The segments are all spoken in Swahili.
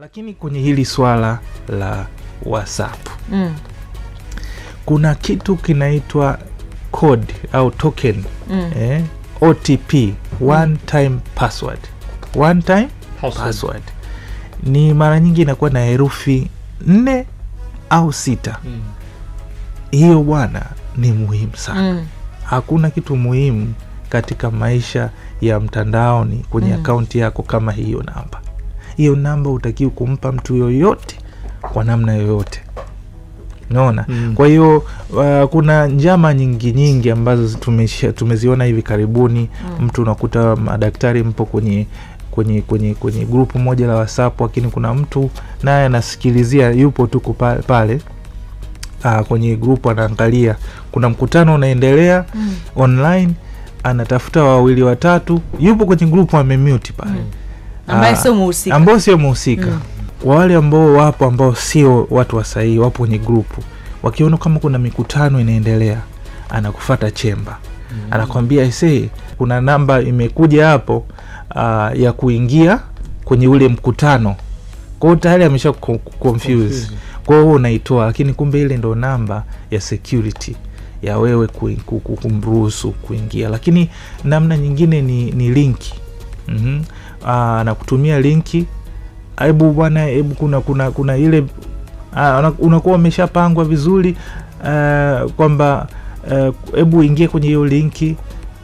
Lakini kwenye hili swala la WhatsApp mm. kuna kitu kinaitwa code au token mm. eh, OTP one mm. time password. One time password. Password ni mara nyingi inakuwa na herufi nne au sita mm. hiyo bwana ni muhimu sana mm. hakuna kitu muhimu katika maisha ya mtandaoni kwenye mm. akaunti yako kama hiyo namba hiyo namba utakiwe kumpa mtu yoyote kwa namna yoyote naona mm. kwa hiyo uh, kuna njama nyingi nyingi ambazo tumesha, tumeziona hivi karibuni mm. mtu unakuta madaktari mpo kwenye kwenye kwenye kwenye grupu moja la wasapu lakini kuna mtu naye anasikilizia yupo tu pale Aa, uh, kwenye grupu anaangalia kuna mkutano unaendelea mm. online anatafuta wawili watatu yupo kwenye grupu amemute pale mm ambaye ah, sio muhusika, ambao sio muhusika mm. Wale ambao wapo ambao sio watu sahihi wapo kwenye grupu, wakiona kama kuna mikutano inaendelea, anakufata chemba mm. Anakwambia ise, kuna namba imekuja hapo uh, ya kuingia kwenye ule mkutano kwao, tayari amesha confuse kwao, huo unaitoa, lakini kumbe ile ndo namba ya security ya wewe kumruhusu kuingia. Lakini namna nyingine ni, ni linki mm -hmm. Aa, ah, na kutumia linki, hebu bwana, hebu kuna kuna kuna ile ah, unakuwa umeshapangwa vizuri uh, kwamba hebu eh, uh, ingie kwenye hiyo linki,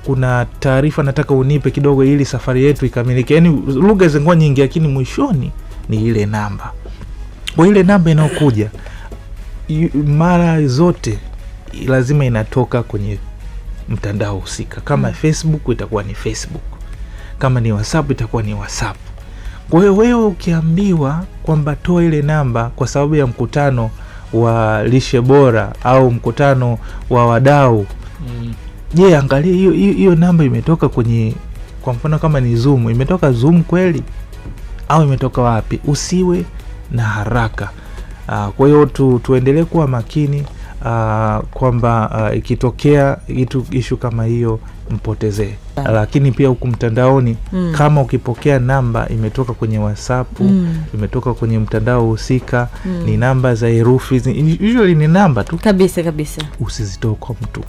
kuna taarifa nataka unipe kidogo ili safari yetu ikamilike. Yani lugha zingua nyingi, lakini mwishoni ni ile namba. Kwa ile namba inayokuja mara zote lazima inatoka kwenye mtandao husika. Kama hmm, Facebook itakuwa ni Facebook kama ni WhatsApp itakuwa ni WhatsApp. Kwa hiyo wewe ukiambiwa kwamba toa ile namba kwa sababu ya mkutano wa lishe bora au mkutano wa wadau mm. je, mm. angalia hiyo hiyo namba imetoka kwenye, kwa mfano kama ni Zoom, imetoka Zoom kweli au imetoka wapi? Usiwe na haraka. Aa, ah, kwa hiyo tu, tuendelee kuwa makini uh, kwamba uh, ikitokea ishu kama hiyo mpotezee. Lakini pia huku mtandaoni mm. kama ukipokea namba imetoka kwenye WhatsApp mm. imetoka kwenye mtandao husika mm. ni namba za herufi usually ni namba tu kabisa kabisa, usizitoe kwa mtu,